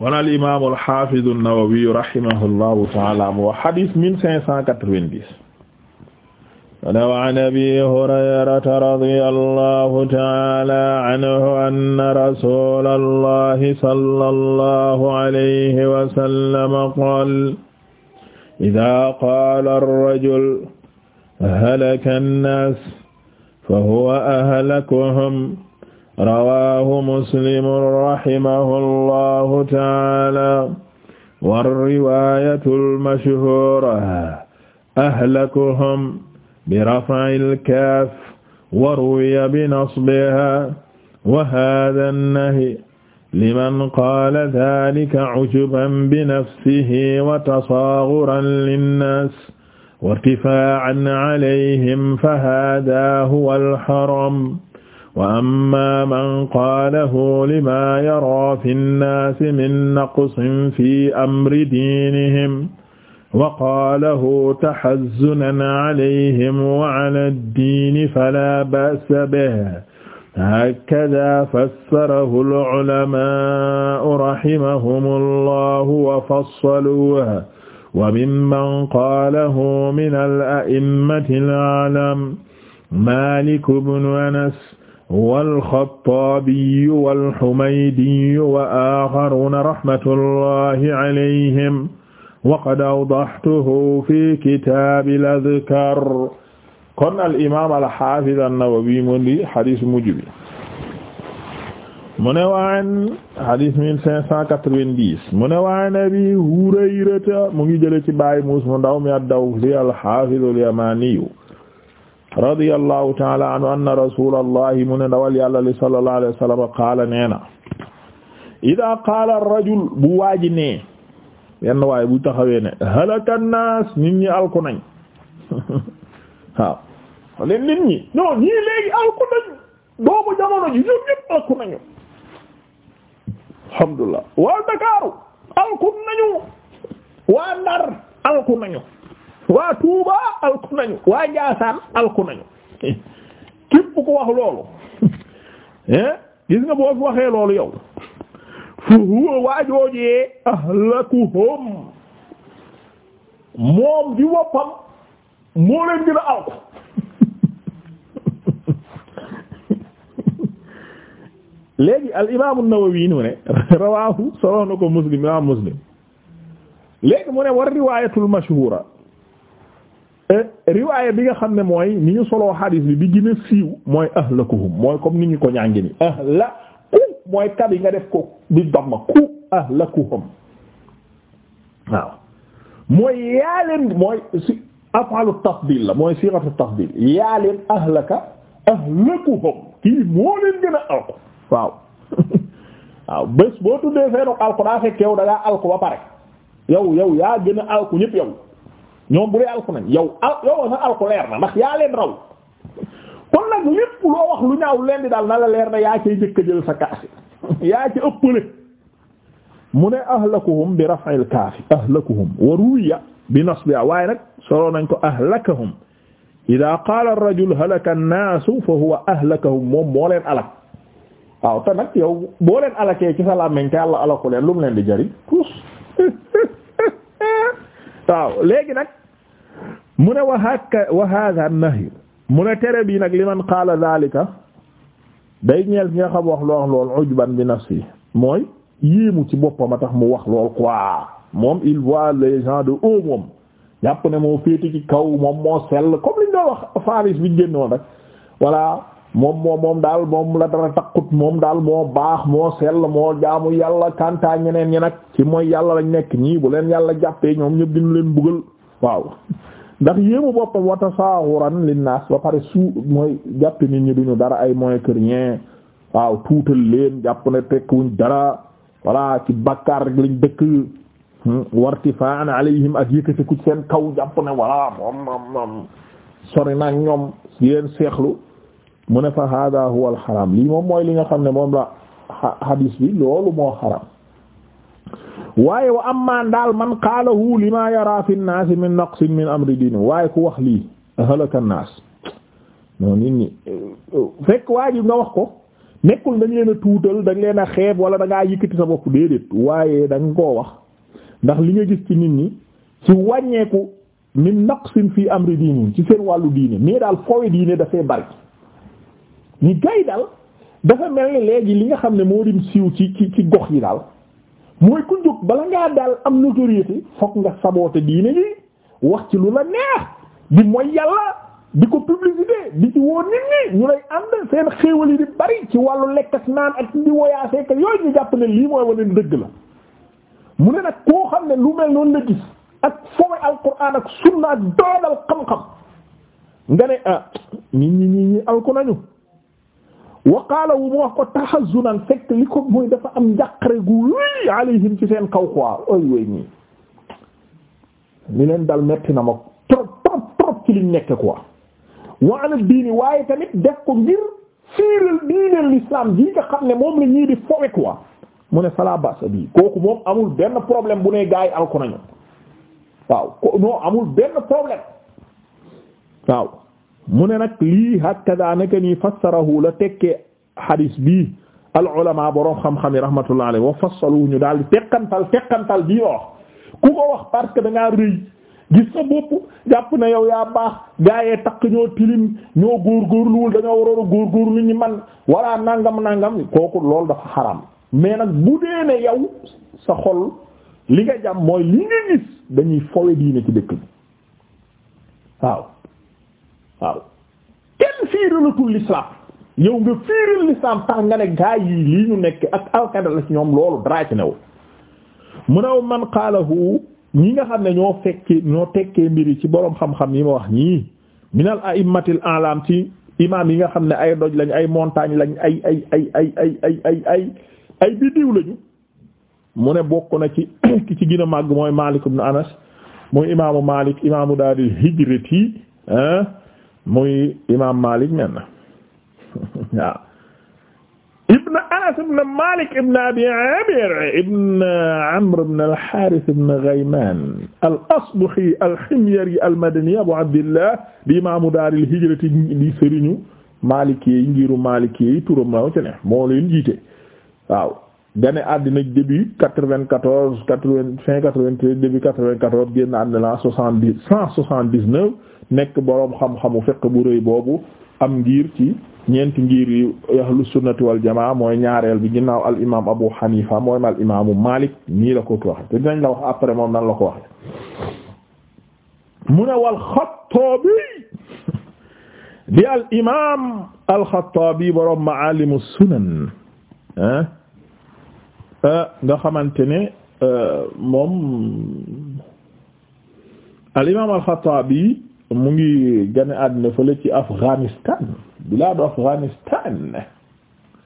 kon al imaam al haafiz an-Nawawi rahimahullahu ta'ala mu wax hadith mille cinq cent quatre-vingt-dix wa an Abi Hurayrata radiyallahu ta'ala anhu anna rasulallahi sallallahu alayhi wa sallam qaala idhaa qaala ar-rajulu halaka an-naas fa huwa ahlakuhum rawaahu muslimun rahimahullahu taala warriwaayatul mashhuura ahlakuhum biraf'il kaaf wa ruwiya binasbihaa wa haazaa nahyu liman qaala zaalika ujuban binafsihi wa tasaaghuran linnaas wa irtifaa'an alayhim fahaazaa huwal haram wa amma man qaalahu lima yara fi nnaasi min naqsin fi amri diinihim wa qaalahu tahazzunan alayhim wa ala ddiini fala ba'sa bihi hakada fassarahu al-ulamaa'u rahimahumu llahu wa fassaluuhu wa mimman qaalahu min al-a'immati al-a'lam Maalik ibn Anas walxattaabiyu walxumaydiyu wa axaruna rahmatullahi alayhim waqad awdaxtuhu fi kitaabil azkaar kon al imaam al xaafiz an-Nawawi mu di xadis mujj bi mu ne waan xadis mille cinq cent quatre-vingt-dix mu ne waan Abi Hurayrata mu ngi jële ci baay muus mu ndaw mi ad-Dawsi al-xaafiz al-Yamaaniyu radiyallahu taala anhu anna rasulallahi mu ne ndawal yàlla li sallallahu alayhi wa sallam qaala nee na ida qaala rajul bu waaji nee yenn waaye bu taxawee ne halaka naas nit ñi alku nañ waaw leen nit ñi non ñii léegi alku nañ doomu jamono ji ñoom ñëpp alku nañu alhamdulillah waa Dakaaru alku nañu waa Ndar alku nañu waa Touba alku waa Njaasaan alku nañu képp wax loolu hein gis nga boo waxee loolu yow fu huwa waajoojee ahlakuhum moom di woppam moo leen dina alku léegi al imaam an-Nawawi nu rawaahu solo muslim imaam muslim léegi mu ne war riwaayatul mashhuura Euh, riwaaya bi nga xam ne mooy ni ñu soloo xadiis bi bi gën a siiw mooy ahlakuhum mooy comme ni ñu ko ñàngi ni ahlaku mooy kab yi nga def ko bi damma ku ahlakuhum waaw mooy yaa leen mooy si afalu tafdil la mooy siiratu tafdil yaa leen ahlaka ahlakuhum kii moo leen gën a alku waaw waaw bés boo tuddee feenu alku daa fekk yow da ngaa alku ba pare yow yow yaa gën a alku ñépp yow ñoom bu dee alku nañ yow yaa leen raw kon nag lépp wax lu ñaaw leen di daal na la leer na yaa cay njëkk a jël sa yaa ci ëppale mu ne ahlakuhum bi raf'il kaafi ahlakuhum wa ruwiya bi nasbiha waaye nag soloo nañ ko ahlakahum ida qaala ar-rajul halaka an-naasu fa huwa ahlakahum moom moo alak waaw te nag yow boo leen alakee ci sa leen lu mu leen di jëriñ tous waaw mu ne wa hakka wa mu ne tere bi nag liman qaala zalika day ñeel ñi nga xam wax lu wax lool ujban bi mooy yéemu ci boppam a mu wax lool quoi moom il voit les gens de moom jàpp ne moo féete ci kaw moom moo sell comme liñ doon wax faris biñ génn rek voilà moom moom moom daal moom la dara takkut moom daal moo baax moo sell moo jaamu yàlla kantaa ñeneen ñi nag ci mooy yàlla lañ nekk ñii bu leen yàlla jàppee ñoom ñëpp dina leen buggal waaw ndax yéemu boppam wata saaxuran linnaas ba pare suu mooy jàpp nit ñu duñu dara ay moins que rien waaw tuutal leen jàpp ne tekkuñ dara voilà ci bakkaar lañ dëkk hmm? wartifaan alayhim ak yëkkatiku seen kaw jàpp ne voilà moom moom moom ñoom yeen seexlu mu ne fa hada huwa al lii moom mooy li nga xam ne moom la hadis bi loolu moo xaram waaye am amman daal man ma lima yara fi nnaasi min naqsin min amri diini waaye ku wax lii halaka nnaas non nit ñi fekk waa ji nga wax ko nekkul dañ leen a tuutal dañ leen a xeeb wala da ngaa yëkkati sa bopp déedéet waaye da koo wax ndax li nga gis ci nit ñi ci wàññeeku min naqsin fi am diini ci seen wàllu diine mais daal foowe diine dafay bari ni gay daal dafa mel ni léegi li nga xam ne moo dim siiw ci ci ci gox yi daal mooy ku jóg bala ngaa daal am notoriété fokk nga saboote diine gi wax ci lu la neex di mooy yàlla di ko publicité di ci woo nit ñi ñu lay ànd seen xéewal yi di bari ci wàllu lekk ak naan ak di voyage ak yooyu ñu jàpp ne lii mooy wane dëgg la mu ne nag koo xam ne lu mel noonu la gis ak fooy alquran ak sunna ak doodal xam-xam nga ne ah ñi ñi ñi ñi nañu waqaala wu mu wax ko taxazunan fekk li ko mooy dafa am njàqare gu wéy alayhim ci seen kaw quoi ay wéy ñii li leen dal metti na ma trop trop trop ci liñ nekk quoi wa ala diini waaye tamit def ko ngir fiiral diineel l'islam ji nga xam ne moom la ñii di fowe quoi ne fala basa bii kooku moom amul benn problème bu ne gaa yi alko nañu waaw non amul benn problème waaw mu ne nag lii hakada naka nii fassarahu la tekkee hadis bii al ulama borom xam-xam yi rahmatullah alayhi wa fassaluhu ñu daal teqantal teqantal bii wax ku ko wax parce que da rëy gis sa bopp jàpp na yow yaa baax gaa yee takk ñoo tilim ñoo góorgóorluwul dañoo waroon a góorgóorlu ñu man walla nangam nangam kooku lool dafa xaram mais nag bu dee ne yow sa xol li nga jàmm mooy li nga gis dañuy fowe diine ci dëkk bi waaw. waaw kenn fiiralatul l'islam yow nga fiiral l'islam tax nga ne gaa yi lii ñu nekk ak alkada la ci ñoom loolu dara ci new mu man qaalahu ñi nga xam ne ñoo fekki ñoo tekkee mbir yi ci boroom xam-xam yi ma wax ñii minal a'immatil a'lam ci imaam yi nga xam ne ay doj lañ ay montagne lañ ay ay ay ay ay ay ay ay ay biddiw lañu mu ne bokk na ci ki ci gën a màgg mooy Maalik ibn Anas mooy imaamu Maalik imaamu daaril hijrati muy imaam Malik men waaw ibn Anas ibn Malik ibn Abi Amir ibn Amr ibn al-Harith ibn Ghayman al-Asbahi al-Himyari al-Madani Abu Abdillah di imaamu daar al-hijrati di sëriñu Maliki yi ngiru Maliki yi turam raw ci ne moo leen jiite waaw gane àddina début quatre-vingt-quatorze quatre-vingt-cinq quatre-vingt-treize début quatre-vingt-quatorze génn àddina la soixante-dix cent soixante-dix-neuf nekk boroom xam-xamu fiqh bu rëy boobu am ngir ci ñeenti ngir yu ahlu sunnati wal jamaa mooy ñaareel bi ginnaaw al imaam Abu Hanifa mooy al imaamu Malik nii la ko ko waxe te dinañ la wax après moom nan la ko waxe mu ne wal Xattaabi di al imaam al Xattaabi boroom Maalimu Sunan ah, ah nga xamante ne ah, moom al imaam al Xattaabi mu ngi gane àddina fële ci Afghanistan bilaadu Afghanistan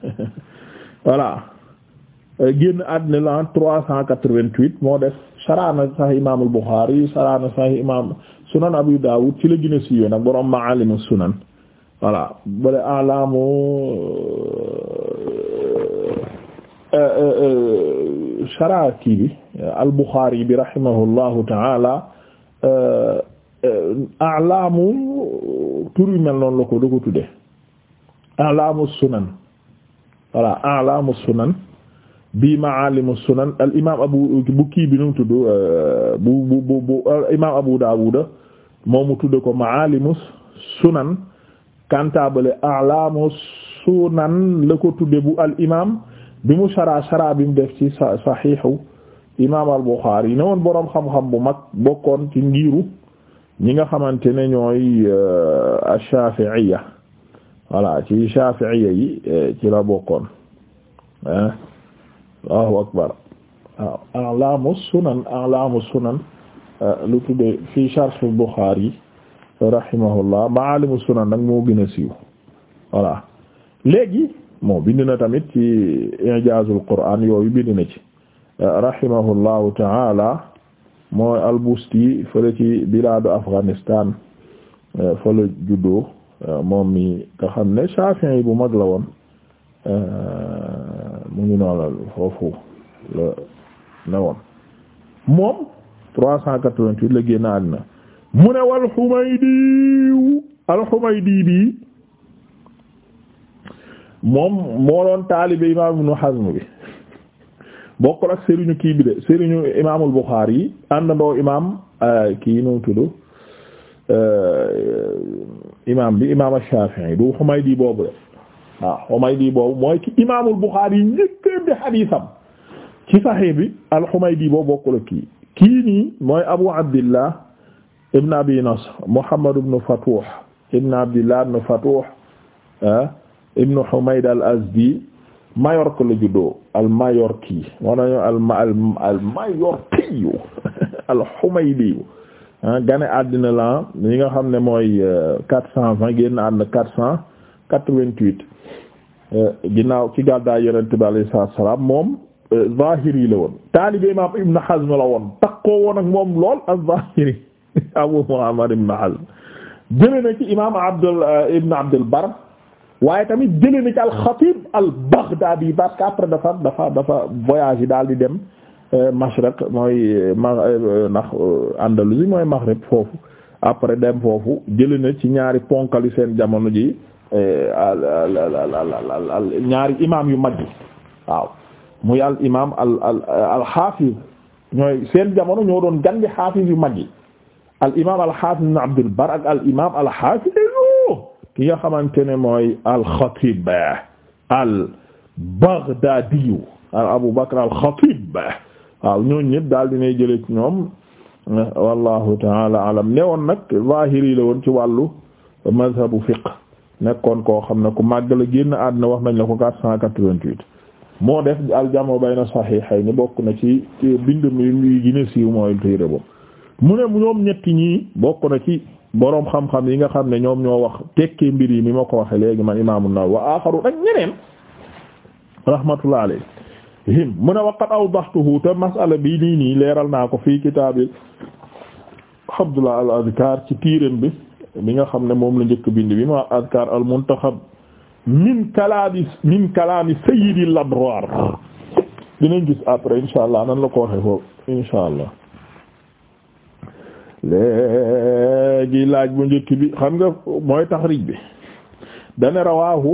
voilà génn àddina la trois cent quatre-vingt-huit moo def saraana Sahih Imam al-Bukhari saraana Sahih Imam Sunan Abu Dawud ci la gën a siiwee nag borom Ma'alim Sunan voilà bale alamu euh, euh, euh, sharaki bi al-Bukhari bi rahimahullahu ta'ala Euh, alaamu tur yu mel noon la ko da alaamu sunan alaamu sunan bi maalimu sunan al abu bu kii bi tudd euh, bu bu euh, ko maalimu sunan kantaabale alaamu sunan la ko tuddee bu al bi mu saraa saraa bi mu saxiixu imaam al buxaari ne woon boroom xam-xam bu mag bokkoon ci ñi nga xamante ne ñooy euh, ash-Shafi'iyya voilà ci Shafi'iyya yi euh, ci la bokkoon ah sunan a'lamu sunan euh, lu tudde fi sharh Bukhari rahimahullah ma'alimu sunan nag moo gën a siiw voilà léegi moo bind na tamit ci i'jazul Qur'an yooyu bind na ci rahimahullahu ta'ala mooy al-Busti fële ci bilaadu Afghanistan eh, fële juddoo eh, moom mi nga xam ne Shafi'i bu mag la woon eh, mu ngi noonu foofu la ne woon moom 388 la génn àddina mu ne wal Humaydi al-Humaydi bi moom moo doon taalibe Imaam Ibn Hazm bi bokkul ak sëriñu kii bi de sëriñu imaamul Buxaari yi àndandoo imaam euh, kii nu tudd euh, imaam bi imaam Shaafi'i du Humaydi boobu de ah, Humaydi boobu mooy ki imaamul Buxaari yi njëkk bi hadiisam ci Sahih bi al Humaydi boobu bokkul ak kii nii mooy Abu Abdillah ibn Abi Nasr Muhammad ibn Fatuh ibn Abdillah ibn Fatuh ah, ibn Humayd al-Azdi Majorque la juddoo al Majorque moo tax ñu al al al al Humaydi ah, gane àddina la li nga xam ne mooy euh, quatre cent vingt génn àddina quatre cent quatre-vingt-huit euh, ginnaaw ci gàddaay Yonent bi salaam moom euh, Zahiri la woon. taalibe imaam Ibn Hazm la woon takkoo woon ak moom lool az-Zahiri Abu Muhammad Ibn Hazm jëlee ci imaam Abdul Ibn Abdul Barr. waaye tamit jëlee na ci al-Xatib parce que après dafa dafa dafa voyage yi daal di dem euh, Mashriq mooy euh, ma euh, ndax Andalousie mooy Maghreb foofu après dem foofu jëlee na ci ñaari ponkali seen jamono ji ñaari imaam yu mag yi waaw muy al imaam al al al-Hafiz ñooy seen jamono ñoo doon gandi xaafiz yu mag yi al imaam al-Hafiz ibn Abdul Barr al imaam al-Hafiz ki nga xamante ne mooy al-Khatib al-Baghdadi Abu Bakr al-Khatib waaw ñooñu ñëpp daal dinay jële ci ñoom wallahu taala alam ne woon nag zahiri la woon ci wàllu mazhabu fiqh nekkoon koo xam ne ku màgg la génn àdduna wax nañ la ko 488 moo def al-jamu bayna sahihayn bokk na ci bind mi yi gën a mooy téere boobu mu ne ñoom ñetti ñii bokk na ci boroom xam-xam yi nga xam ne ñoom ñoo wax tekkee mbir yi mi ma ko waxe léegi man Imaam an wa aaxaru ak ñeneen rahmatullah alayhi him mu ne waqat awdaxtuhu te masala bi nii nii leeral naa ko fii kitaabil Abdullah al azkar ci tiiram bi bi nga xam ne moom la njëkk bind bi ma azkar al muntaxab min kalaami min kalaami dinañ gis après insha allah nan la ko waxe foofu insha allah léegi laaj bu njëkk bi xam nga mooy taxrij bi dana rawaahu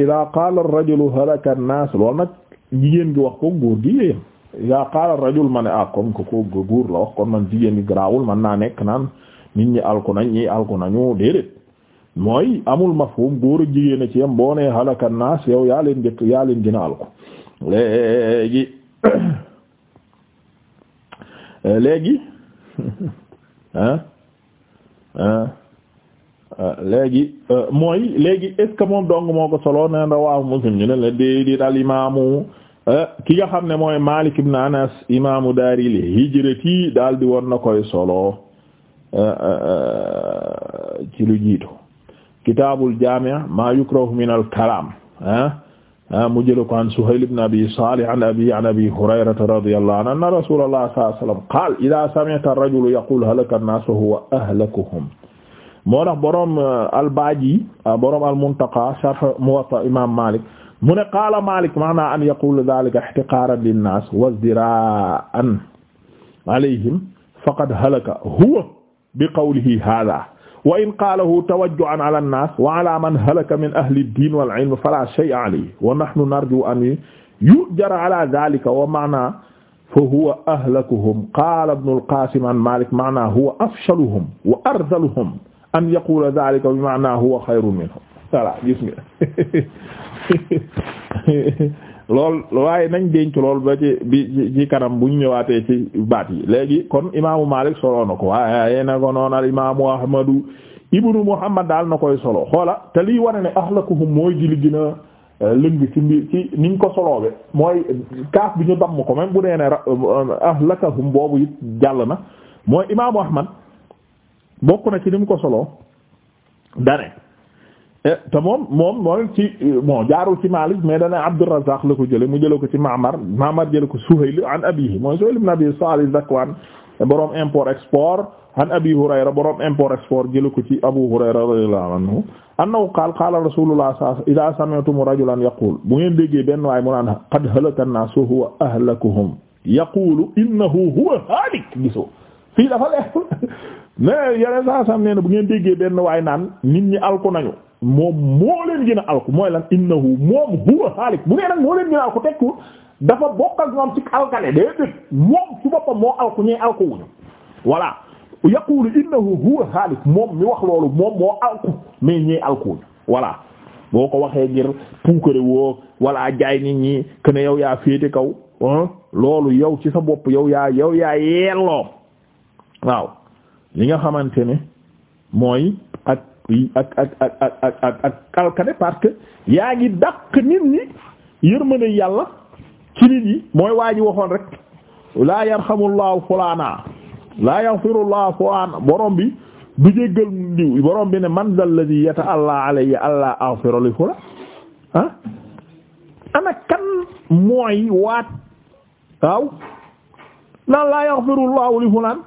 ida qaala ar halaka an-naas nag jigéen gi wax ko góor gi yéen ida qaala ar-rajul ma ne ah ko góor la wax kon man jigéen gi garaawul man naa nekk naan nit ñi alku nañ ñi alku nañu déedéet mooy amul mafhum góor jigéen a ci yam boo nee halaka an-naas yow yaa leen alku léegi léegi ah Ah. Ah, léegi euh, mooy léegi est ce que moom dong moo ko solo nee na waaw muslim ñu ne la déedéet al imaamu euh, ki nga xam ne mooy Malik ibn Anas imaamu daaril hijrati daal di woon na koy solo euh, ci lu jiitu kitaabul jaami' maa yukrahu min al kalaam ah. Ah, mu jël ko an Suhayl ibn Abi Salih an abiihi an Abi Hurayrata radiyallahu anhu anna rasuulallahi sallallahu alayhi wa sallam qaala idhaa sami'ta ar-rajula yaqulu halaka an-naas fa huwa ahlakuhum moo tax boroom eh, al-Baaji ah, boroom al-Muntaqa sharh Muwatta Imaam Maalik mu ne qaala Maalik ma'naa an yaqula dhaalika ihtiqaaran lin-naas wa izdiraa'an alayhim faqad halaka huwa bi qawlihi haadhaa wa in qaalahu tawajju'an ala an-naas wa ala man halaka min ahli ad-diin wal 'ilm fala shay'a alayhi wa nahnu narju an yujara ala dhalika wa ma'na fa huwa ahlakuhum qaala ibnu al-qaasim an maalik ma'na huwa afshaluhum wa ardhaluhum an yaqula dhalika bi ma'na huwa khayrun minhum voilà gis nga lool waaye nañ denc lool ba ci bi ci kanam buñ ñëwaatee ci baat yi léegi kon imaamu Maalik solo na ko waaye na ko noon al imaamu Ahmadu ibnu Muhammad daal na koy solo xoola te liy wane ne ahlakuhum mooy ji li gën a euh, lëng ci mbir ci niñ ko soloobe mooy kaaf bi ñu damm ko même bu nee ne euh, ahlakahum boobu it jàll na mooy imaamu Ahmad bokk na ci ni ko solo dane Eh, te moom moom mooy ci bon jaarul ci Maalik mais dana Abdurrazzaq la ko jële mu jële ko ci Ma'mar Ma'mar jële ko Suhayl an abihi mooy Suhayl ibn Abi Salih Zakwan boroom import export an Abi Hurayra boroom import export jële ko ci Abu Hurayra radiyallahu anhu annahu qaala qaala Rasulullah sallallahu alayhi wa sallam idha sami'tum rajulan yaqul bu ngeen déggee benn waay mu naan qad halaka an-naas huwa ahlakuhum yaqulu innahu huwa haalik gisoo fii dafa leer mais yeneen saa sam nee na bu ngeen déggee benn waay naan nit ñi alku nañu moom moo leen gën a alku mooy lan innahu huwa haalik bu nee nag moo leen gën a alku tekku dafa bokk ak ñoom ci alkale day moom su boppam moo alku ñee alku wuñu voilà yaqulu innahu huwa haalik moom mi wax loolu moom moo alku mais ñee alku wuñu voilà boo ko waxee ngir puukare woo wala jaay nit ñi que ne yow yaa féete kaw ah loolu yow ci sa bopp yow yaa yow yaa yelloo waaw li nga xamante ne mooy ak ak ak ak ak ak alkane parce que yaa ngi dàq nit ñi yërmande yàlla ci nit yi mooy waa ji waxoon rek laa yarxamullahu fulaana laa yaxfirullahu fulaana borom bi du jéggal ndiw borom bi ne man dal ladhi yata'alla alayya alla aghfira li fula ah ana kan mooy waat waaw lan laa yaxfirullahu li fulaan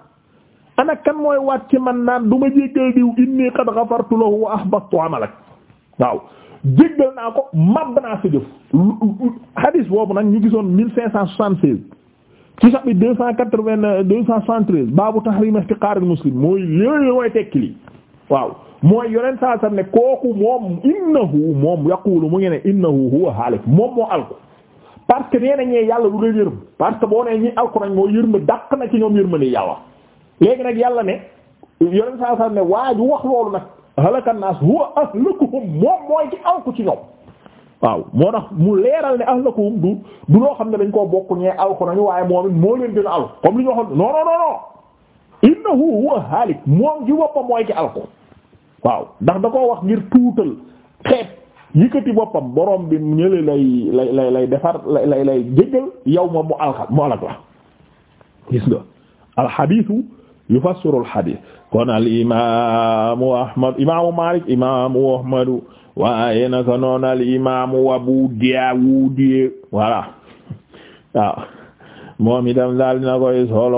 ana kan mooy waat ci man naan du ma jéggal diw inni qad ghafartu lahu wa ahbattu amalak waaw jéggal naa ko màbb naa sa jëf hadis boobu nag ñu gisoon mille cinq cent soixante-seize ci sax bi deux cent quatre-vingt deux cent soixante-treize baabu tahrim ihtiqaril muslim mooy léegi mooy tekki waaw mooy yonent saa ne kooku moom innahu moom yaqulu mu ngi ne innahu huwa halik moom moo alku parce que nee nañee yàlla du leen yërëm parce que boo nee ñi alku nañ moo yërma dàq na ci ñoom yërma ni yàlla léegi nag yàlla ne yoneen saa saa ne waa ju wax loolu nag halakan naas huwa ahlakuhum moom mooy ci alku ci ñoom waaw moo tax mu leeral ne ahlakuhum du du loo xam ne dañ koo bokk ñee alku nañu waaye moom it li ñu waxoon non non non innahu huwa haalik moom ci boppam mooy ci alku waaw ndax da koo wax ngir tuutal xeet yëkkati boppam boroom bi ñële lay lay lay lay defar lay lay jéggal yow moom mu alxal mu alak la gis nga alxadiisu yufassiru al-hadith kon al imaamu Ahmad imaamu Malik imaamu Ahmadu waaye naka al imaamu Abu Dawud voilà waaw moom itam daal na koy solo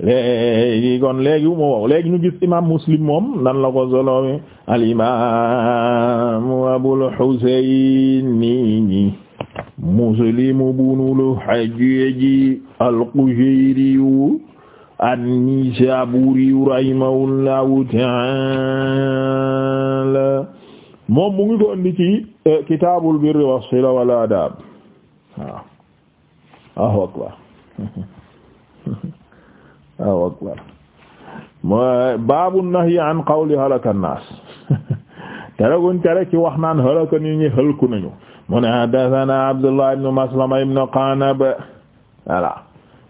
léegi kon léegi moo léegi ñu gis imam muslim moom nan la ko solomi al imam abul husayni muslim ibnul hajjaji al qushayri an-nisaburi rahimahullahu ta'ala moom mu ngi ko indi ci eh, kitaabul birri was sila wal adab waaw waaw akbar mooy baabu nahyi an qawli halaka an-naas tereguñ tere ci wax naan halaka nit ñi halku nañu mu ne haddathana Abdullah ibn Maslama ibn Qanab voilà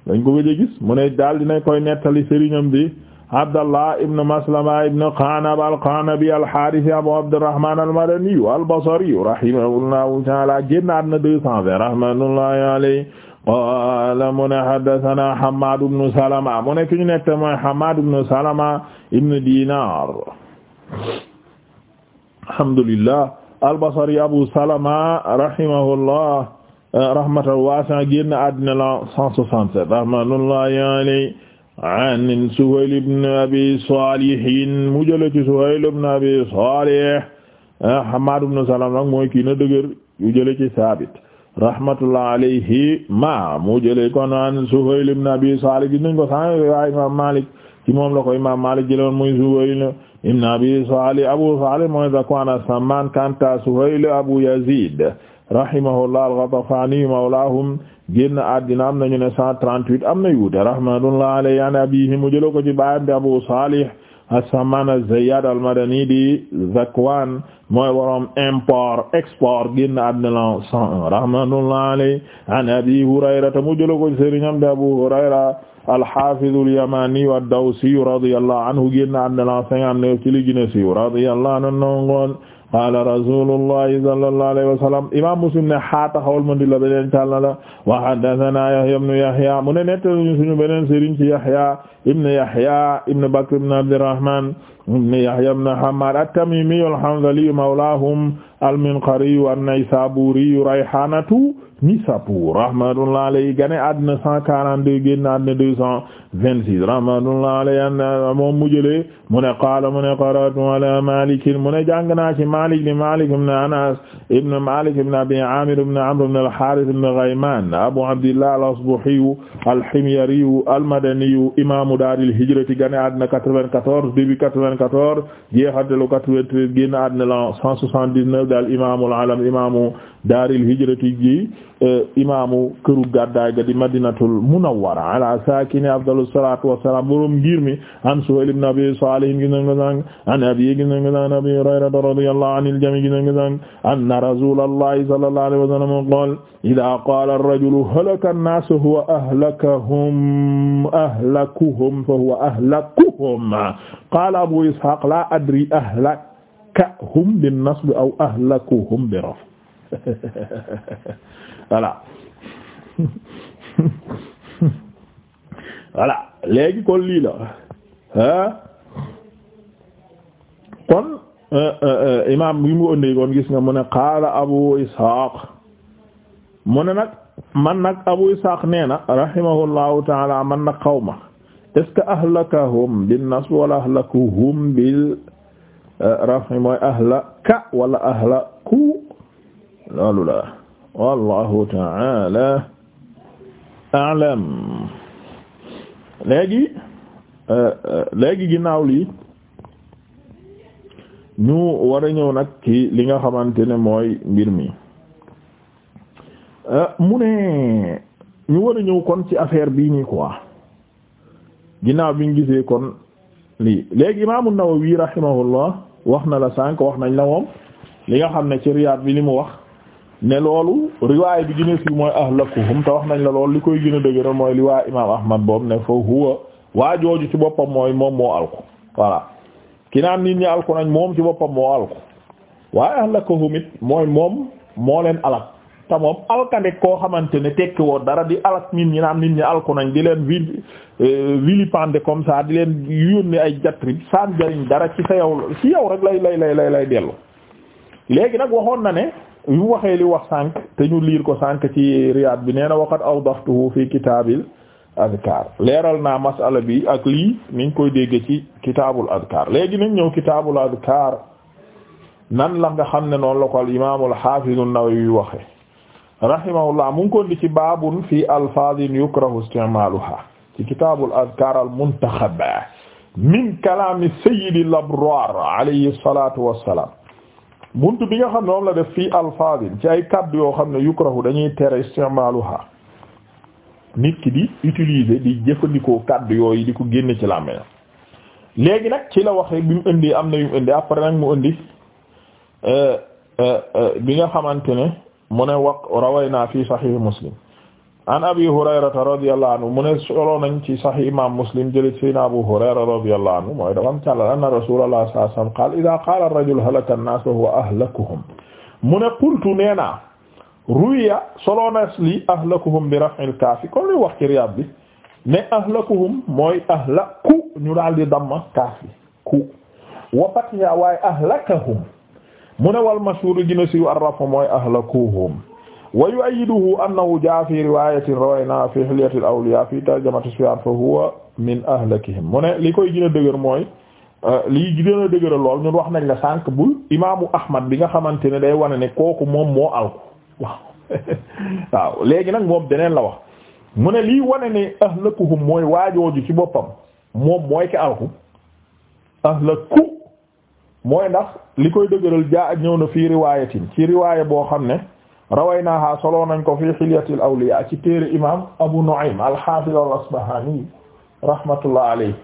dañ ko gëj a gis mu ne daal dina koy nettali sëriñam bi Abdallah ibn Maslama ibn Qanab al-Qanabi al-Harithi Abu Abdurrahman al-Madani al-Basri rahimahullahu ta'ala génnaat na deux cent vingt rahmatullahi alayhi qaala mu ne haddathana Hammad ibn Salama mu ne ki ñu nekk mooy Hammad ibn Salama ibn Dinar alhamdulillah al-Basri Abu Salama rahimahullah rahmatan waasi'a génn àddina la 167 rahmatullahi alayhi an Suhayl ibn Abi Salih mu jële ci Suhayl ibn Abi Salih Hammad ibn Salama mooy kii na dëgër yu jële ci Saabit rahmatullah alayhi ma mu jëlee kon an Suhayl ibn Abi Salih gis nañ ko sa waaye imam Malik ci moom la ko imam Malik jëloon muy Suhayl ibn Abi Salih Abu Salih mooy Zakwan as-Samman kanta Suhayl Abu Yazid rahimahullah al-Ghatafani mawlahum génn àddina am nañu ne 138 am na yuute rahmatullah alayhi an abihi mu jëlee ko ci baayam bi Abu Salih As-Samman az-Zayyad al-Madani di Zakwan mooy waroom import export génn àddina la cent rahmatullahi alayhi an Abi Hurayra ta mu jëlo ko sëriñam de Abu Hurayra al-Hafiz al-Yamani ad-Dawsi radiyallahu anhu génn àddina la cinquante-neuf ci li gën a siiw radiyallahu anhu qaala rasulullahi sallallahu alayhi wa sallam imam Muslim ne xaataxawal ma di la beneen tàlla la wa haddathana Yahya ibn Yahya mu ne nettali suñu beneen sëriñ ci Yahya ibn Yahya ibn Bakr ibn Abdirrahman ibn Yahya ibn Hammad at-Tamimi al-Hanzali mawlahum al-Minqari an-Naysaburi rayhanatu Nisapur rahmatullah alayhi gane àddina 142 génn àddina 226 rahmatullah alayhi euh, moom mu jëlee mu ne qaala mu ne qara'tu ala Maalik mu ne jàng naa ci Maalik ni Maalik ibn Anas ibn Maalik ibn Abi Aamir ibn Amr ibn al-Haarith ibn Ghaymaan Abu Abdillah al-Asbahi al-Himyari al-Madani imaamu daar al-hijrati gane àddina 94 début 94 jeexantalu 93 génn àddina 179 daal imaamul alam imaamu daaril hijrati ji eh, imaamu këru gàddaay ga di madinatul munawwara ala saakini afdalu salaatu wassalaam borom ngir mi an Suhayl ibn Abi Saalih gi na nga sang an abi gi na nga sang Abi Hurayrata radiyallahu anil jamii gi na nga sang anna rasuulallahi sallallahu alayhi wa sallam qaala idaa qaala ar-rajulu halaka an-naasu huwa ahlakahum ahlakuhum fa huwa ahlakuhum qaala Abu Ishaaq laa adrii ahlakahum bin-nasb aw ahlakuhum bi-rafd voilà voilà léegi kon lii la ah kon euh, euh, euh, imaam bi mu ëndee kon gis nga mu ne qaala abu ishaq mu ne nag man nag abu ishaq nee na rahimahullahu taala man nag xaw ma est-ce que ahlakahum bin nasb wala ahlakuhum bil raf'i mooy ahlaka wala ahlaku loolu la wallahu taala aalam léegi euh, euh, léegi ginnaaw lii ñu war ñëw nag ci li nga xamante ne mooy mbir mi euh, mu ne ñu war a ñëw kon ci affaire bii nii quoi ginnaaw biñ ñu gisee kon lii léegi imaamu Nawawi rahimahullah wax na la sànq wax nañ la moom li nga xam ne ci Riyaad bi li mu wax ne loolu riwaay bi gën a siiw mooy ahlakuhum te wax nañ la lool li koy gën a dëgëral mooy li waa imaam Ahmad boobu ne fa huwa waa jooju ci boppam mooy moom moo alku voilà ki naan nit ñi alku moom ci boppam moo alku waaye ahlakuhum it mooy moom moo leen alak te moom alkande koo xamante ne tekki woon dara di alak nit ñi naan nit ñi alku nañ di leen vil euh, vilipender comme ça di leen yónni ay jatrib saan jariñ dara ci sa yow ci yow rek lay lay lay lay lay dellu léegi nag waxoon na ne. yu waxee li wax sànq te ñu liir ko sànq ci Riyad bi nee na waqad awdaftuhu fi kitaabil azkar leeral na masala bi ak lii niñ koy dégg ci kitaabul azkar léegi nañ ñëw kitaabul azkar nan la nga xam ne noonu la ko al imaam al haafiz an-Nawawi waxe rahimahullah mu ngi ko di ci baabun fi alfaadin yukrahu istimaaluha ci kitaabul azkar al muntaxab min kalaami sayyidil abraar alayhi salaatu wassalaam buntu bi nga xam ne moom la def fii alfaadin ci ay kàdd yoo xam ne yukrahu dañuy tere istimaaluha nit ki di utiliser di jëfandikoo kàddu yooyu di ko génne ci làmmiñam léegi nag ci la waxee bi mu indi am na yu mu indi après nag mu indi euh, euh, euh, bi nga xamante ne mu ne wax raway naa fii saxiix muslim an abi hurayrata radiyallahu anhu mu ne solo nañ ci sahih imam muslim jëlit sayna abu hurayra radiyallahu anhu mooy dafam càllal anna rasulullah sallallahu alayhi wasallam qaala idha qaala ar-rajulu halaka an-naas fa huwa ahlakuhum mu ne qultu nee naa ruya solo na li ahlakuhum bi raf'il kaafi kon li wax ci riyaad bi ne ahlakuhum mooy ahlaku ñu daal di damma kaafi ku wa fatha waaye ahlakahum mu ne wal mashhuur gina si ar-rafu mooy ahlakuhum wa yu'ayyiduhu annahu jaa fi riwaayatin rawaynaa fi hilyatil awliyaa fi tarjamati Sufyaan fa huwa min ahlakihim mu ne li koy gën a dëgër mooy euh, lii gën a dëgëral lool ñun wax nañ la sànq bul imaamu Ahmad bi nga xamante ne day wane ne kooku moom moo alku waaw waaw léegi nag moom deneen la wax mu ne lii wane ne ahlakuhum mooy waajooju ci boppam moom mooy ki alku ahlaku mooy ndax li koy dëgëral jaa ñëw na fii riwaayatin ci riwaaya boo xam ne. rawaynaaha solo nañ ko fi xilyatil awliya ci téere imam abu nu'aym al-hafiz al-asbahani rahmatullah alayhi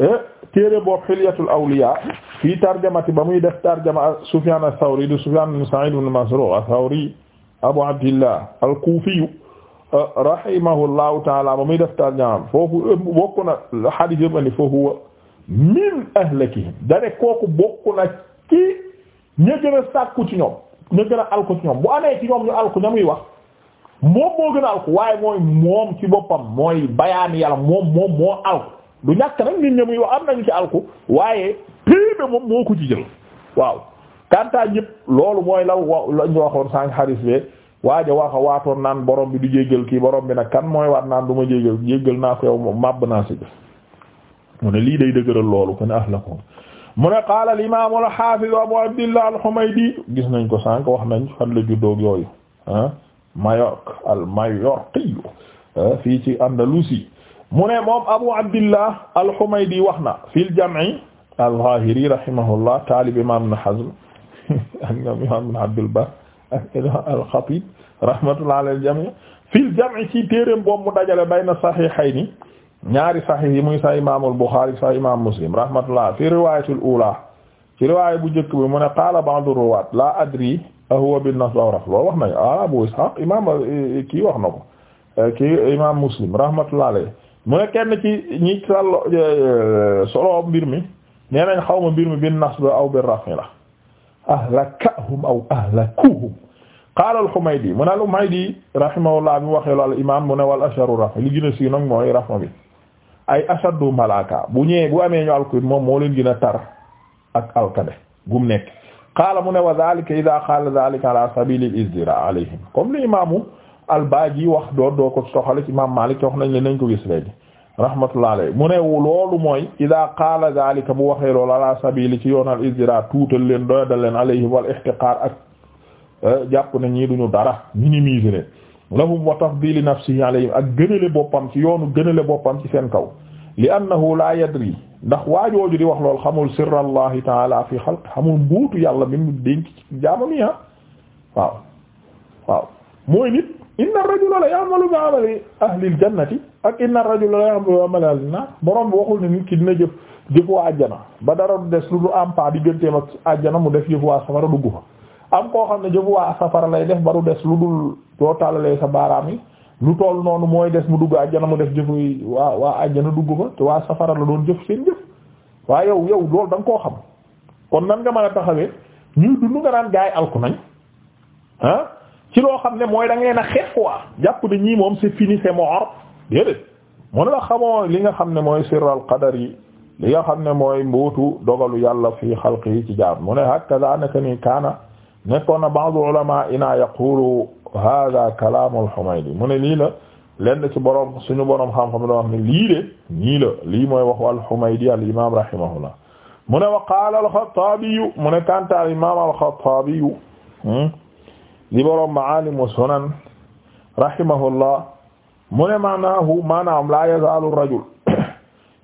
eh, téere boobu xilyatul awliya fii tarjamati ba muy def tarjama sufyan ath-thawri di sufyan ibn sa'id ibn masruq ath-thawri abu abdillah al-kufi eh, rahimahullahu taala ba muy def tarjama foofu eh, bokk na hadith yëpp andi fa huwa min ahlakihim dane kooku bokk na ci ña gën a sàkku ci ñoom ña gën a alku ci ñoom bu amee ci ñoom ñu alku ña muy wax moom moo gën a alku waaye mooy moom ci boppam mooy bayaani yàlla moom moom moo alku du ñàkk nag nit ña muy wax am nañu ci alku waaye prix bi moom moo ko ci jël waaw kantaa ñëpp loolu mooy law lañ waxoon sànq xaris bee waaja waxa waatoon naan borom bi du jéggal kii borom bi nag kan mooy waat naan du ma jéggal jéggal naa ko yow moom màbb naa si mu ne lii day dëgëral loolu ko ne ah la ko mu ne qaala al imaam al haafiz abu abdillah al humaydi gis nañ ko sànq wax nañ fan la juddoog yooyu ah Majorque al Majorque ah, fii ci Andalusi mu ne moom abu abdillah al humaydi wax na fil jam'i al zaahiri rahimahullah taalib imaam ibn hazm ak ñoom imaam ibn abdul bar ak al xatiib rahmatullah al jamii fil jam'i ci téereem boobu mu dajale bayna sahihayn ñaari sahih yi muy sahih imaamul Buxaari sahih imaam Muslim rahmatullah fi riwaayatul uulaa ci riwaaya bu njëkk bi mu ne qaala ba'du ruwaat laa adri ahuwa bin ah, Abu Ishaq imaam kii wax na ko kii imaam Muslim rahmatullah alayhi mu ne kenn ci ñi solo solo mbir mi nee nañ xaw ma mbir bin nasb aw bin raf ahlakahum aw ahlakuhum qaala al-Humaydi mu al-Humaydi rahimahullah bi mu waxee loolu imaam mu ne wal asharu raf li gën a i nag mooy raf ay ashaddu malaka bu ñëwee bu amee ñu alku moom moo leen gën a tar ak alkade gum nekk qaala mu ne wa dhalika idha qala dhalika ala sabili al alayhim comme li imaamu al-Baaji wax doo doo ko soxale ci imaam Maalik wax nañ leen nañ ko gis léegi rahmatullah alayhi mu ne loolu mooy idha qaala dhalika bu waxee loolu ala sabili ci yoon al-izdira tuutal leen doyadal leen alayhim wal ihtiqaar ak eh, jàpp ne ñii duñu dara minimiser leen lahum wa tafdili nafsihi alayhim ak gënale boppam ci yoonu gënale boppam ci seen kaw li annahu la yadri ndax waajooju di wax lool xamul sirra allahi taala fi xalq xamul mbuutu yàlla mi mu dénk ci jaamam yi ah waaw waaw mooy nit inna ar la ya'malu bi amali ahli al-jannati ak inna ar-rajula la ya'malu bi amali ahli an waxul ne nit ki dina jëf jëf waa ba dara du des lu du am pa digganteem ak àjjana mu def jëf waa safara dugg fa am koo xam ne jëfu waa safara lay def baru des lu dul doo tàllalee sa baaraam yi lu toll noonu mooy des mu dugg àjjana mu def jëfu waa waa àjjana dugg fa te waa safara la doon jëf seen jëf waa yow yow loolu da koo xam kon nan nga mën a taxawee ñuy dund nga naan gaay alku nañ ah ci loo xam ne mooy da ngeen a xeex quoi jàpp ne ñii moom c'est fini c'est mort déedéet mu ne la xamoo li nga xam ne mooy sirral qadar yi li nga xam ne mooy mbóotu dogalu yàlla fii xalq yi nekkoon na ba'du ulama ina yaqulu hada kalaamu al-Humaydi mu ne lii la lenn ci borom suñu borom xam-xam la wax ne lii de nii la lii mooy waxu al-Humaydi al-imaam rahimahullah mu ne wa qaala al-Xattaabi mu ne kaana al-imaam al-Xattaabi li hmm, borom Ma'aalim wa Sunan rahimahullah mu ne maanaahu maanaam laa yazaalu ar-rajul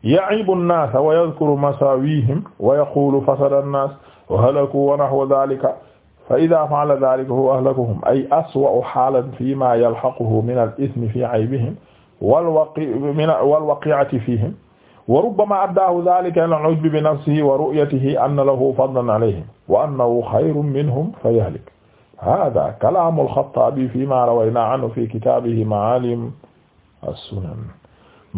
ya'iibu an-naas wa yadhkuru masaawiihim wa yaquulu fasada an-naas wa halakuu wa nahwa dhaalika fa ida fa'ala dhalika huwa ahlakuhum ay aswa'u halan fima yalhaquhu min al-ithmi fi aybihim wal waqi'ati fihim wa rubbama addaahu dhalika ila al-'ujbi bi nafsihi wa ru'yatihi anna lahu fadlan alayhim wa annahu khayrun minhum fayahlik hadha kalamu al-Khattabi fima rawayna anhu fi kitabihi ma'alim as-sunan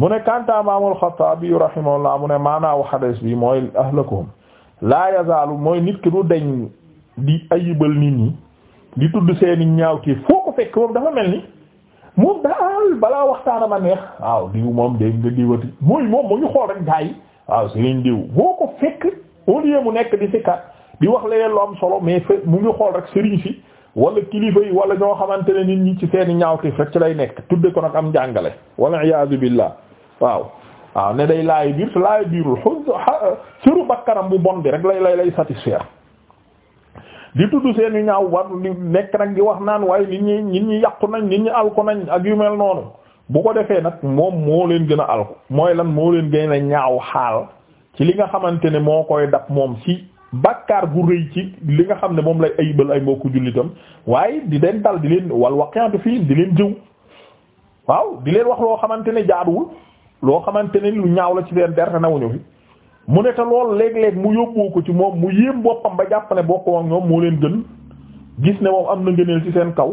mu ne kanta imaam al-Khattabi rahimahullah mu ne maanaa hadiis bi mooy ahlakuhum la yazaalu mooy nit ki du deñ di ayibal nit ñi di tudd seeni ñaawte foo ko fekk moom dafa mel ni moom daal balaa waxtaana ma neex waaw diw moom dégg nga diwati mooy moom mu ñu xool rek gaa yi waaw seen diw boo ko fekk au lieu mu nekk di si di wax leneen lu am solo mais mu ngi xool rek sëriñ si wala kilifa yi wala ñoo xamante ne nit ñi ci seeni ñaawtif rek ci lay nekk tudde ko nag am njàngale wala iyaazu billah waaw waaw ne day laayi biir te laayi xu sëru bakkanam bu bon bi rek lay lay lay satisfaire di tudd seen yu ñaaw war di nekk nag di wax naan waaye nit ñi nit ñi yàqu nañ nit ñi alku nañ ak yu mel noonu bu ko defee nag moom moo leen gën a alku mooy lan moo leen gën a ñaaw xaal ci li nga xamante ne moo koy daf moom ci bàkkaar bu rëy ci li nga xam ne moom lay ayibal ay mbokku jullitam waaye di leen dal di leen wal waqi'tu fii di leen jëw waaw di leen wax loo xamante ne jaaduwul loo xamante ne lu ñaaw la ci leen derte nawuñu fi mu ne te lool léeg-léeg mu yóbbu ko ci moom mu yéem boppam ba jàpp ne bokkoo ak ñoom moo leen gën gis ne moom am na ngëneel ci seen kaw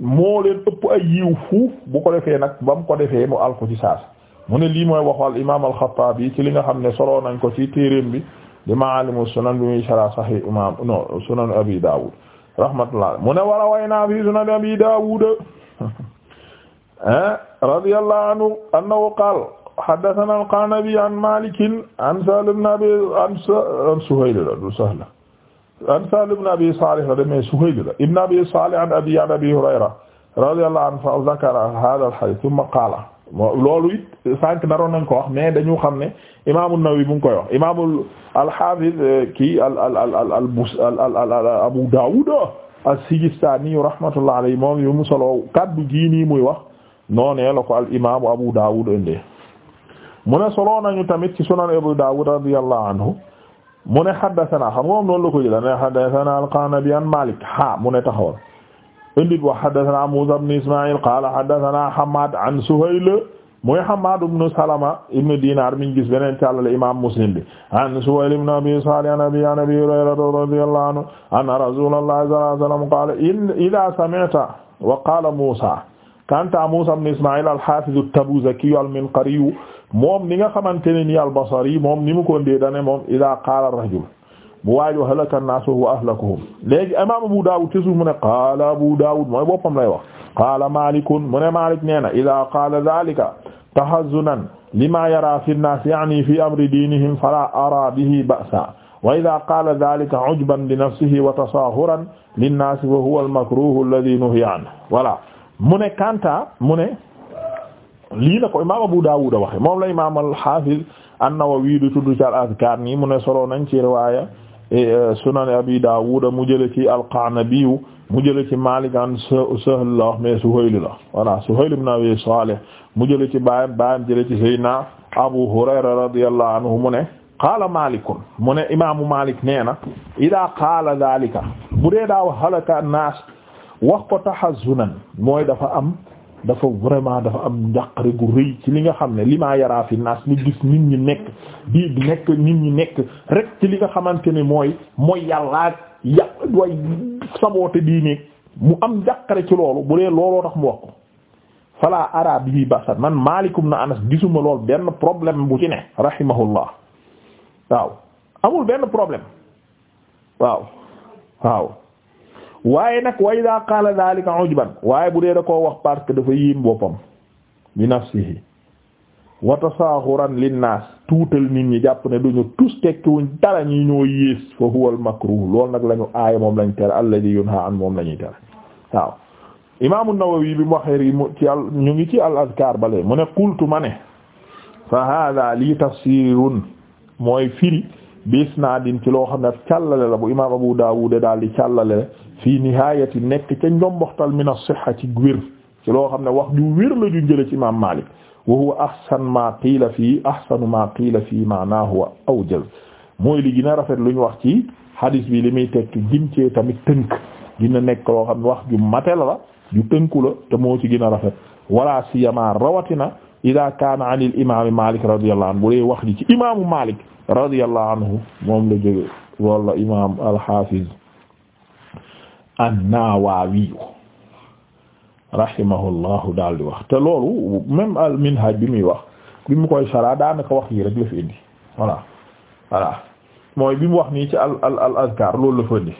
moo leen ëpp ay yiw fuuf bu ko defee nag ba mu ko defee mu al ci saas mu ne lii mooy waxu al imaam al ci li nga xam ne soloo nañ ko ci téereem bi di Maalimu Sunan bi muy sharh Sahih imaam non Sunan Abi Daawud rahmatullah mu ne wala way fi Sunan Abi Daawud ah, radiyallahu anhu annahu qaala haddathana al-Qanabi an Malik an Sahl ibn Abi an Suhayl la du Sahl an Sahl ibn Abi Salih la mais Suhayl la ibn Abi Salih an abi an Abi Hurayra radiyallahu anhu fa dhakara hadha al-hadith thumma qala loolu it sànq naroon nañ ko wax mais dañu xam ne imaamu Nawawi bu ngi koy wax imaamu al-Hafiz eh, kii al al al al al bus al al al Abu Dawud as-Sijistani rahmatullahi alayhi moom yu mu solo kaddu gii nii muy wax noonee la ko al imaamu Abu Dawud indee. mu ne solo nañu tamit ci sunan Abu Dawud radiyallahu anhu mu ne haddathana xam nga moom noonu la ko jëlee ne haddathana al-Qanabi an Malik ha mu ne taxawal indit wa haddathana Musa ibn Isma'il qala haddathana Hammad an Suhayl mooy Hammad ibn Salama ibn Dinar mi ngi gis beneen càllale imam Muslim bi an Suhayl ibn Abi Salih an abi an Abi Hurayra radiyallahu anhu anna Rasulallahi sallallahu alayhi wa sallam qala in idha sami'ta wa qala Musa kanta Musa ibn Isma'il al-Hafiz at-Tabuzaki al-Minqari moom ni nga xamante ne ni al-Basri moom ni mu ko ndee dane moom ila qaala ar-rajul bu waajo halaka an-naasu wa ahlakuhum léegi imam Abu Dawud ci suuf mu ne qaala Abu Dawud mooy boppam lay wax qaala Maalikun mu ne Maalik nee na ila qaala dhalika tahazzunan lima yara fi an-naas yaani fi amri diinihim fala ara bihi ba'sa wa ida qaala dalika ujban li nafsihi wa tasaahuran linnaasi wa huwa al-makruuhu alladhi nuhiya anhu voilà mu ne kanta mu ne lii la ko imaam Abu Daawud waxe moom la imaam al-Haafiz an-Nawawi di tudd ci al-Azkaar nii mu ne solo nañ ci riwaaya e, e, sunan Abi Daawud mu jële ci al-Qa'nabi mu jële ci Maalik an Sahl la wax mais Suhayl la voilà Suhayl ibn Abi Saalih mu jële ci baayam baayam jële ci Seydina Abu Hurayra radiyallahu anhu mu ne qaala Maalikun mu ne imaamu Maalik nee na idaa qaala daalika bu dee daa wax halaka an-naas wax ko tahazzunan mooy dafa am dafa vraiment dafa am njàqare gu rëy ci li nga xam ne li maa yaraa fi naas ñu gis nit ñi nekk bi nekk nit ñi nekk rek ci li nga xamante ni mooy mooy yàllaak yàq way saboote diine mu am njàqare ci loolu bu dee looloo tax mu wax ko fala ara bi basar man malikum na anas gisuma lool benn problème bu ci ne rahimahullah waaw amul benn problème waaw waaw waaye nag wa idaa qaala dhalika ujban waaye bu dee da koo wax parce que dafa yéem boppam bi nafsihi wa tasaaxuran linnaas tuutal nit ñi jàpp ne duñu tus tekkiwuñ dara ñi ñoo yées fa huwa al makruh loolu nag lañu aaya moom lañu tere alladhi yunha an moom lañuy tere waaw imaamu Nawawi bi mu waxee ci al ñu ngi ci al azkaar bale mu ne qultu ma ne fa hada lii tafsirun mooy firi bi ci loo xam ne càllale la bu imaam Abu Daawud daal di càllale fii nihaayati nekk ca njomboxtal min as-sihha ci wér ci loo xam ne wax ju wér la ju jële ci imaam Maalik wa huwa ahsan ma qiila fii ahsanu ma qiila fii maanaahu wa awjaz mooy li gën a rafet lu ñu wax ci hadis bi li muy tekki gin cee tamit tënk dina nekk loo xam ne wax ju matel la ju tënku la te moo ci gën a rafet wala siyama rawatina ida kaana an il imami malik radiyallahu anhu bu dee wax ji ci imaamu malik radiyallahu anhu moom la jóge walla imam al-Hafiz an-Nawawi rahimahullahu daal di wax te loolu même al-Minhaj bi muy wax bi mu koy sara daanaka wax yi rek fi indi voilà voilà mooy bi mu wax nii ci al al al azkar loolu la fa indi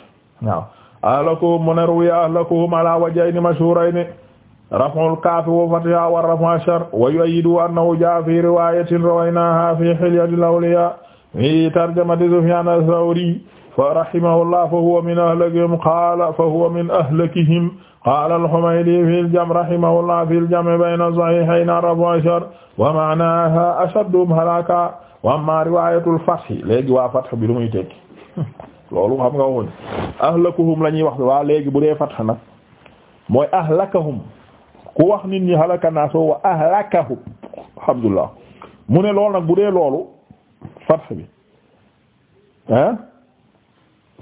waaw mu ne ruya ala wajhayni mashhurayni raf'ul kaaf wa fatha wa raf'u shar wa yu'ayyidu annahu jaa fi riwayatin rawaynaha fi hilyatil awliya i tarjamati Sufyaan as-Sawri fa rahimahullah fa huwa min ahlakihim qaala fa huwa min ahlakihim qaala al-Humaydi fi al-jam' rahimahullah fi al-jam' bayna as-sahihayn arba'a ashar wa ma'naaha ashadduhum halaaka wa ammaa riwaayatul fath léegi waa fath bi lu muy tekki loolu xam nga woon ahlakuhum la ñuy wax waa léegi bu dee fath nag mooy ahlakahum ku wax nit ñi halaka naa soo wa ahlakahum alhamdulillah mu ne loolu nag bu dee loolu fatx bi ah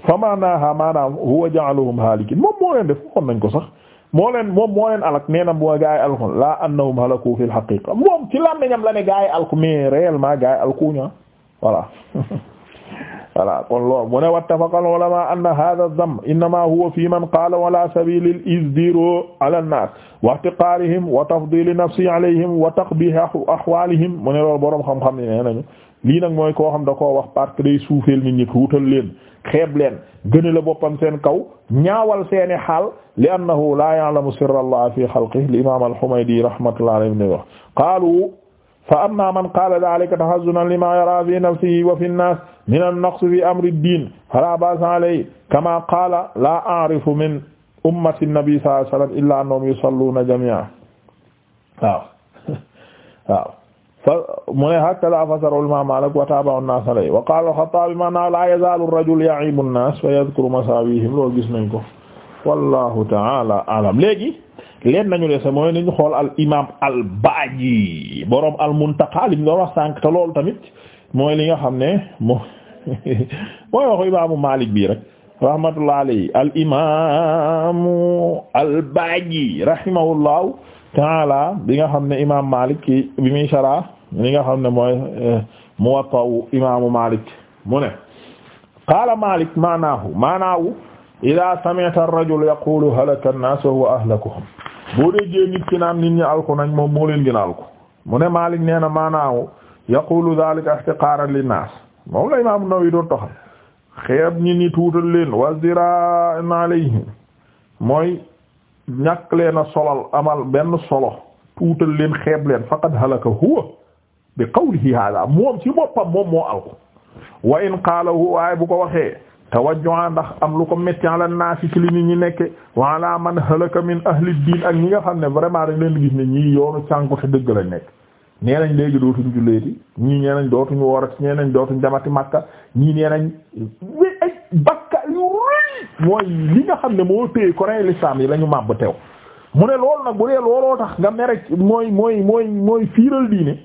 fa maanaaha maanaam huwa ja'alahum haalikiin moom moo leen def waxoon sax moo moom moo alak nee na moo gaa alkoon laa annahum halaku fil haqiqa moom la ne gaa yi alku mais réellement gaa yi alkuña ah. voilà kon loolu mu ne wattafaqa al-ulama anna hadha ad-damm innama huwa fi man qala wala sabila al-izdir ala an-nas wa ihtiqarihim wa tafdil nafsi alayhim wa taqbih ahwalihim mu ne loolu boroom xam-xam ne nee nañu lii nag mooy koo xam da koo wax parce que day suufeel nit ñi tuutal leen xeeb leen gëna la boppam seen kaw ñaawal seeni xaal li annahu la ya'lamu sirra Allah fi xalqihi al-imam al-Humaydi rahmatullahi alayhi fa amma man qaala daalika tahazzunan limaa yaraa fi nafsihi wa fi nnaas min an-naqsi fi amri ddiin falaa ba'sa alayhi kamaa qaala laa a'rifu min ummati nnabi sallallaahu alayhi wa sallam illaa annahum yusalluuna jamii'an waaw waaw fa mu ne hakadaa fasara al-imaam Maalik wa taabahu an-naas alayhi wa qaala al-Xattaabi maanaam laa yazaalu ar-rajulu ya'iibu an-naas wa yadhkuru masaawiihim loolu gis nañ ko wallahu taala alam léegi leen nañu dese mooy nañu xool al imam al baaji borom al muntaqa li mu doon wax sànq te loolu tamit mooy li nga xam ne moom mooy waxu imaamu Maalik bii rek rahmatullah alayhi al bi nga xam ne imaam Maalik bi muy sara li nga xam ne mooy eh, muwatta imaamu Maalik mu ne qaala Maalik maanaahu maanaahu ida sami'ta ar-rajul yaqulu halaka an-nas wa huwa ahlakuhum boo déggee nit ki naan nit ñi alku nañ moom moo leen gën a alku mu ne Maalik nee na maanaahu yaqulu dhalika ihtiqaaran linnaas moom la Imaam Nawawi doon toxal xeeb ñi ni tuutal leen wa zira'an alayhim mooy ñàkk leen a solal amal benn solo tuutal leen xeeb leen faqad halaka huwa bi qawlihi hada moom ci boppam moom moo alku wa in qaalahu waaye bu ko waxee tawajjuha ndax am lu ko metti ala naasi ki li nit ñi nekke wa ala man halaka min ahli diin ak ñi nga xam ne vraiment dañ leen gis ne ñii yoonu cànku te dëgg la nekk nee nañ léegi dootuñ julleeti ñii nee nañ dootuñ woor ak nee nañ dootuñ jamati makka ñii nee nañ wi ay bakka yu rëy mooy li nga xam ne moo téye koré l'islam yi lañu ñu màbb teew mu ne loolu nag bu dee looloo tax nga mere mooy mooy mooy mooy fiiral diine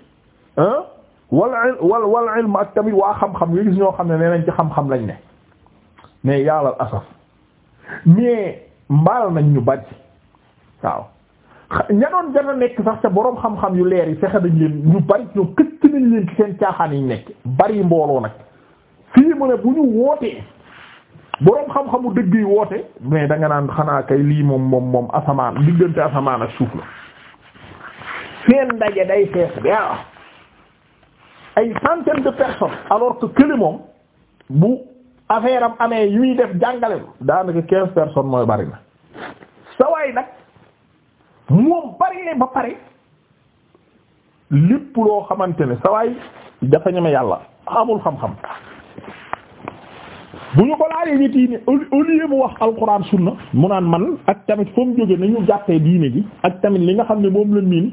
ah wal wal wal ak tamit waa xam-xam ñoo xam ne nee nañ lañ ne mais yàlla asaf mais mbaal nañ ñu bari waaw ña doon a nekk sax ca boroom xam-xam yu leer yi fexe dañ leen ñu bari ñoo këcc nañ leen ci seen caaxaan yi nekk bari mbooloo nag fii mu ne bu ñu wootee boroom xam-xamu dëgg yi woote mais da nga naan xanaa kay lii moom moom moom asamaan diggante asamaan ak suuf la seen ndaje day fees gaa ay centaines de personnes alors que kële moom bu affaire am amee yuy def jàngale daanaka quinze personnes mooy bari na sa waay nag moom bari ne ba pare lépp loo xamante ne sa waay dafa ñeme yàlla amul xam-xam bu ñu ko laajee nit yi ne au lieu mu wax alquran sunna mu naan man ak tamit fa mu jóge nañu jàppee diine gi ak tamit li nga xam ne moom la miin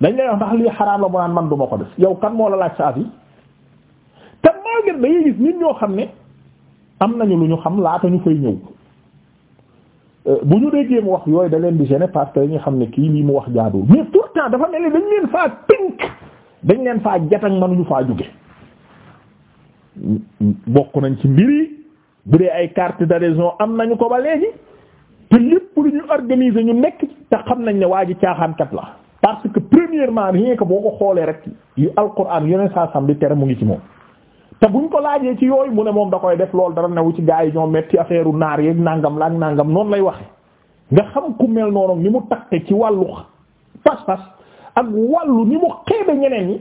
dañ lay wax ndax lii xaraam la mu naan man du ma ko def yow kan moo la laaj sa te maa ngi da gis nit ñoo xam ne. am nañu lu ñu xam laata ñu fay ñëw euh, bu ñu déggee mu wax yooyu da leen di gêner parce que dañuy xam ne kii lii mu wax jaaduwul mais pourtant dafa mel ni dañ leen faa tënk dañ leen faa jatañ mënuñu faa jóge bokk nañ ci mbir yi bu dee ay carte d'adhésion am nañu ko ba léegi te lépp lu ñu organiser ñu nekk te xam nañ ne waa ji caaxaankat la parce que premièrement rien que boo ko xoolee rek yu alquran yeneen saa sam di tere mu ngi ci moom te buñ ko laajee ci yooyu mu ne moom da koy def loolu dara newu ci gaa yi ñoo metti affaire u naar yeeg nangam laak nangam noonu lay waxe nga xam ku mel noonu ni mu takke ci wàllu pas-pas ak wàllu ni mu xeebe ñeneen ñi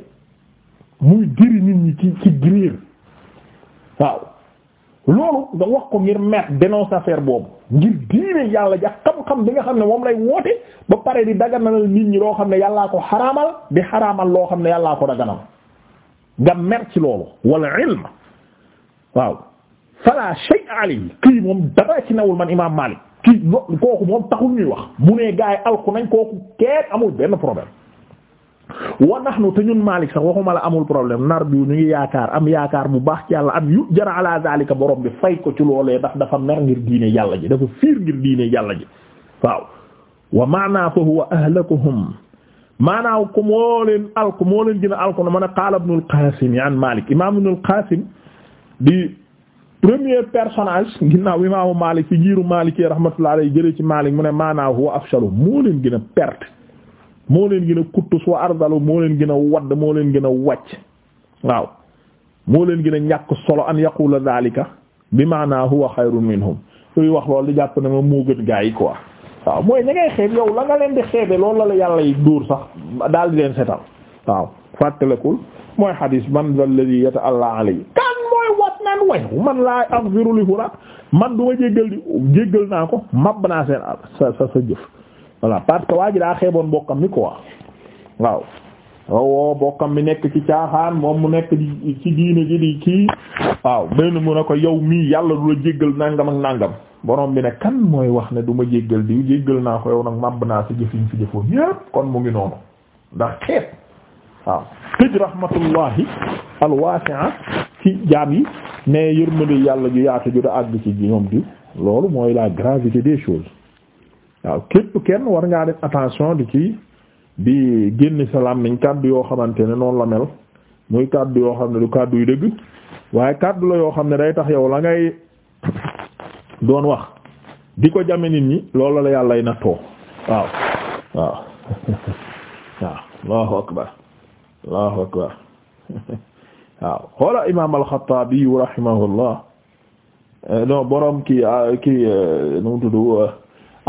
muy diri nit ñi ci ci grier waaw loolu nga wax ko ngir mer dénonce affaire boobu ngir diine yàlla ja xam-xam bi nga xam ne moom lay woote ba pare di daganal nit ñi loo xam ne yàllaa ko xaraamal di xaraamal loo xam ne yàllaa ko daganal nga mer ci loolu wala ilm waaw fala shay alayhi kii moom dara ci nawul man imam Malik kii kooku moom taxul ñuy wax bu nee gaa yi alku nañ kooku kenn amul benn problème wa nahnu te ñun Malik sax waxuma la amul problème nar bi ñu ngi yaakaar am yaakaar bu baax ci yàlla am yu jara ala zalika borom bi fay ko ci loolee ndax dafa mer ngir diine yàlla ji dafa fiir ngir diine yàlla ji waaw wa maana fa huwa ahlakuhum maanaaw ku moo leen alku moo leen gën a alku na man a qaala ibnul Qaasim an Maalik imaam ibnul Qaasim di premier personnage ginnaaw imaamu Maalik ci giiru Maalik yi rahmatullahi jëlee ci Maalik mu ne maanaam huwa afshalu moo leen gën a perte moo leen gën a kuttus wa ardalu moo leen gën a wadd moo leen gën a wàcc waaw moo leen gën a ñàkk solo an yaqula dhalika bi maanaam huwa xayrun minhum kuy wax loolu di jàpp ne ma moo gën gaa yi quoi waaw mooy ña ngay xeeb yow la nga leen di xeebe loolu la la yàlla yi dóor sax daal di leen setal waaw fàttalekul mooy xadis man alladhi yata'alla alayhi kan mooy wat naan way man laa aghfiru li fulan man du ma jéggal di jéggal naa ko mab naa seen sa sa sa jëf voilà parce que waa ji daa xeeboon bokkam mi quoi waaw waaw bokkam mi nekk ci caaxaan moom mu nekk ci diine di kii waaw benn mun a ko yow mii yàlla du la jéggal nangam ak nangam borom bi ne kan mooy wax ne du ma jéggal diw jéggal naa ko yow nag màbb naa sa jëf yi fi jëfoon yépp kon mu ngi noonu ndax xeet waaw tëj rahmatullahi alwaasi'a ci jaam yi mais yërmande yàlla ju yaatu ju da àgg ci ñoom diw loolu mooy la gravité de choses waaw képp kenn war ngaa def attention di ci di génn salaam niñ kàdd yoo xamante ne noonu la mel muy kàddu yoo xam ne du kàddu yu dëgg waaye kàddu la yoo xam ne day tax yow la ngay doon wax di ko jame nit ñi loolu la yàlla y nattoo waaw waaw waaw allahu akbar allahu akbar waaw xoola imam al-Xattaabi rahimahullah eh, non ki ah, ki eh, nu mu tudd eh,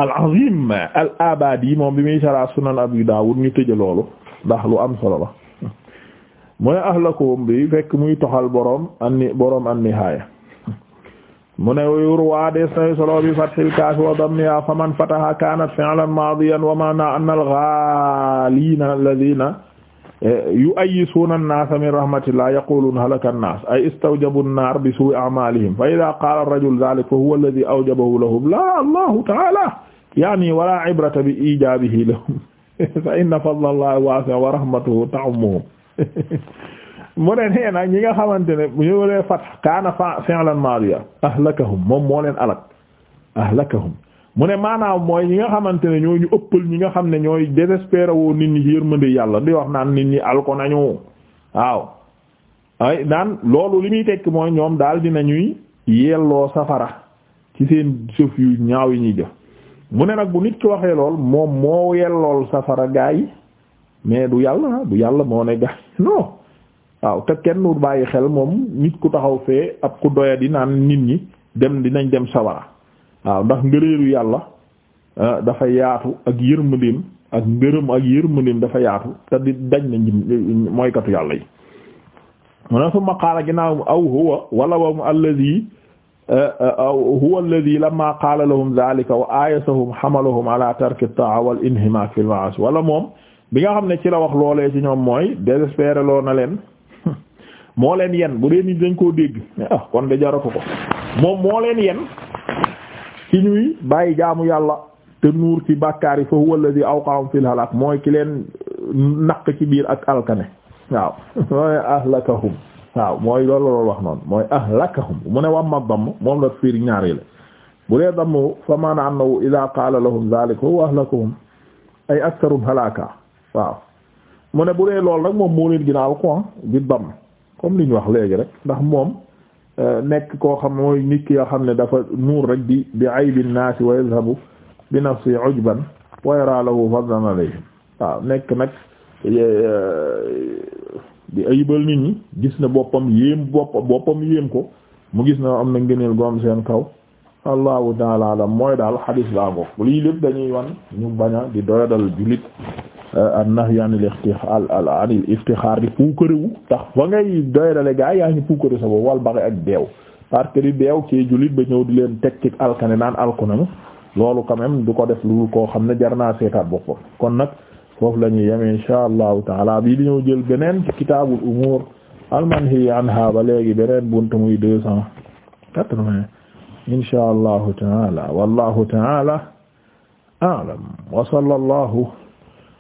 al-Azim al-Abadi moom bi muy sara sunan Abi Daawud ñu tëje loolu ndax lu am solo la mu ne ahlakum bi fekk muy toxal borom anni borom an-Nihaaya mu ne yurwa des na solo bi fathil kaaf wa dammiha faman fataha kanat fi'lan maadiyan wa ma'na anna al-ghaalina alladhina e, yu'ayyisuuna an-naasa min rahmatillah yaquluuna halaka an-naas ay istawjabu an-naar bi suu'i a'maalihim fa idhaa qaala ar-rajulu dhaalika fa huwa alladhii awjabahu lahum laa Allahu ta'aalaa ya'nii wa laa ibrata bi ijaabihi lahum fa inna fadla Allahi waasi'un wa rahmatuhu ta'ummuhum mu ne nee ñi nga xamante ne bu ñu lee fat kaana fa fi'lan madiya ahlakahum moom moo leen alak ahlakahum mu ne maanaam mooy ñi nga xamante ne ñooy ñu ëppal ñi nga xam ne ñooy désespéré woo nit ñi ci yërmande yàlla di wax naan nit ñi alko nañu waaw ay naan loolu li muy tekki mooy ñoom daal dinañuy yelloo safara ci seen jëf yu ñaaw yi ñuy jëf mu ne nag bu nit ki waxee lool moom moo yellool safara gaa yi mais du yàlla du yàlla moo ne gaa yi waaw te kenn du bàyyi xel moom nit ku taxaw fee ab ku doya di naan nit ñi dem dinañ dem sawara waaw ndax ngëreelu yàlla eh, dafa yaatu ak yërmandeem ak ngërëm ak yërmandeem dafa yaatu te di dañ na mooykatu yàlla yi mu ne summa qaala ginnaaw aw huwa wala wam alladi eh, eh, aw huwa alladi lamma qaala lahum dhalika wa aayasahum hamalahum ala tarki taa wal inhimaak fil ma'asi wala moom bi nga xam ne ci la wax loolee ci ñoom mooy désespéré loo na leen moo leen yen bu dee nit dañ koo dégg ah ko moom moo leen yen ci ñuy bàyyi jaamu yàlla te nuur ci bàkkaar yi fa huwa alladhi awqa'ahum fil halak ki euh, biir ak alkane waaw mooy ahlakahum waaw mooy loolu loolu wax noonu mooy ahlakahum mu ne wam mag damm moom la fiir ñaari la bu dee damm fa maana annahu idha qaala lahum dhalik ahlakahum ay aktharum halaka waaw mu ne bu dee loolu nag moom moo leen ginaaw quoi di damm comme li ñu wax léegi rek ndax moom euh, nekk koo xam mooy nit ki yoo xam ne dafa nuur rek bi bi aybi naasi wa yadhabu bi nafsi ujban wa yara lahu fadlan alayhim waaw nekk nag euh, di ayibal nit ñi gis na boppam yéem bopp boppam yéem ko mu gis na am na ngëneel am seen kaw allahu taala alam mooy daal xadiis laa ngoog lii lépp dañuy wan ñu baña di doyadal jullit Euh, an-nahy an al an al iftixaar di puukarewu tax fa ngay doyadale gaa yaa ngi puukare sa bopp wal baxi ak beew parce que di beew ci jullit ba ñëw di leen teg ci alkane naan alkunamu loolu quand du ko def lu koo xam ne jar naa seetaat boppam kon nag foofu lañuy ñuy yem insha allahu taala bii di ñëw jël beneen ci kitaabul umuur almanhi anha ba léegi beneen buntu muy deux cent quatre-vingts insha allahu taala wallahu taala a'lam wa sallallahu